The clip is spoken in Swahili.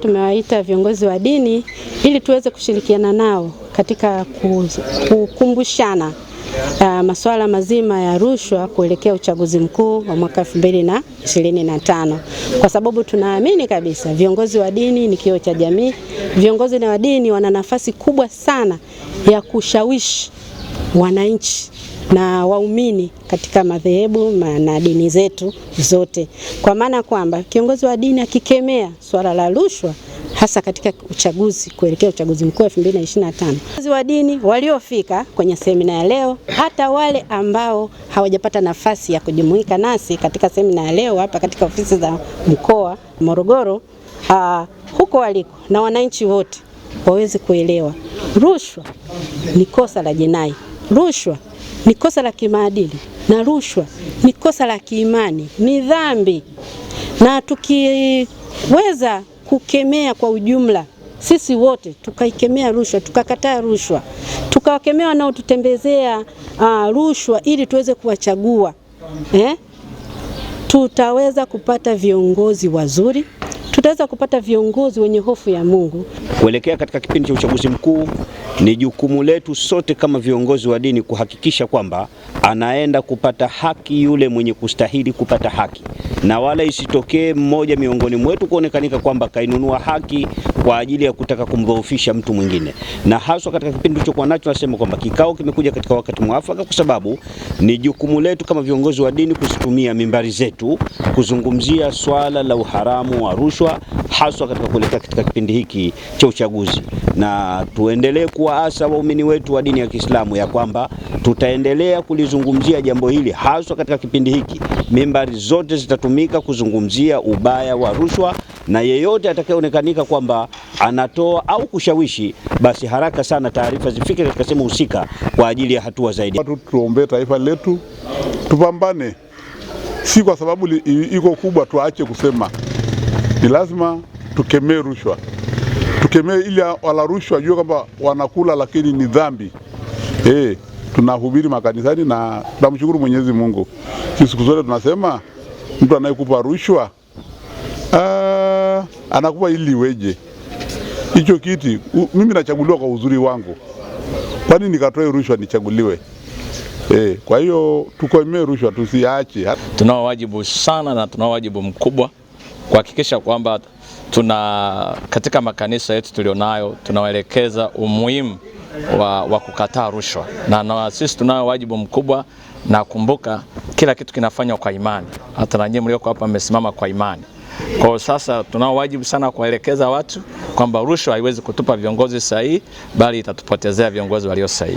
Tumewaita viongozi wa dini ili tuweze kushirikiana nao katika kukumbushana uh, masuala mazima ya rushwa kuelekea uchaguzi mkuu wa mwaka 2025, kwa sababu tunaamini kabisa viongozi wa dini ni kioo cha jamii. Viongozi na wa dini wana nafasi kubwa sana ya kushawishi wananchi na waumini katika madhehebu na dini zetu zote, kwa maana kwamba kiongozi wa dini akikemea swala la rushwa hasa katika uchaguzi kuelekea uchaguzi mkuu 2025. Viongozi wa dini waliofika kwenye semina ya leo, hata wale ambao hawajapata nafasi ya kujumuika nasi katika semina ya leo hapa katika ofisi za mkoa Morogoro, uh, huko waliko na wananchi wote waweze kuelewa rushwa ni kosa la jinai. Rushwa ni kosa la kimaadili na rushwa ni kosa la kiimani, ni dhambi, na tukiweza kukemea kwa ujumla sisi wote tukaikemea rushwa, tukakataa rushwa, tukawakemea wanaotutembezea uh, rushwa ili tuweze kuwachagua eh? Tutaweza kupata viongozi wazuri, tutaweza kupata viongozi wenye hofu ya Mungu kuelekea katika kipindi cha uchaguzi mkuu. Ni jukumu letu sote kama viongozi wa dini kuhakikisha kwamba anaenda kupata haki yule mwenye kustahili kupata haki, na wala isitokee mmoja miongoni mwetu kuonekanika kwamba kainunua haki kwa ajili ya kutaka kumdhoofisha mtu mwingine. Na haswa katika kipindi tulichokuwa nacho, nasema kwamba kikao kimekuja katika wakati mwafaka, kwa sababu ni jukumu letu kama viongozi wa dini kuzitumia mimbari zetu kuzungumzia swala la uharamu wa rushwa haswa katika kuelekea katika kipindi hiki cha uchaguzi, na tuendelee kuwaasa waumini wetu wa dini ya Kiislamu ya kwamba tutaendelea kulizungumzia jambo hili haswa katika kipindi hiki. Mimbari zote zitatumika kuzungumzia ubaya wa rushwa, na yeyote atakayeonekanika kwamba anatoa au kushawishi, basi haraka sana taarifa zifike katika sehemu husika kwa ajili ya hatua zaidi. Watu tuombee taifa letu, tupambane, si kwa sababu iko kubwa tuache kusema, ni lazima tukemee rushwa, tukemee ili wala rushwa jua kwamba wanakula, lakini ni dhambi eh. Tunahubiri makanisani na tunamshukuru Mwenyezi Mungu. Sisi siku zote tunasema mtu anayekupa rushwa ah, anakupa ili weje hicho kiti. Mimi nachaguliwa kwa uzuri wangu, kwani nikatoe rushwa nichaguliwe? E, kwa hiyo tukomee rushwa, tusiache. Tunao wajibu sana na tunao wajibu mkubwa kuhakikisha kwamba tuna katika makanisa yetu tulionayo tunawaelekeza umuhimu wa, wa kukataa rushwa na, na sisi tunayo wajibu mkubwa, na kumbuka kila kitu kinafanywa kwa imani. Hata na nyinyi mlioko hapa mmesimama kwa imani. Kwa sasa tunao wajibu sana kuwaelekeza watu kwamba rushwa haiwezi kutupa viongozi sahihi, bali itatupotezea viongozi walio sahihi.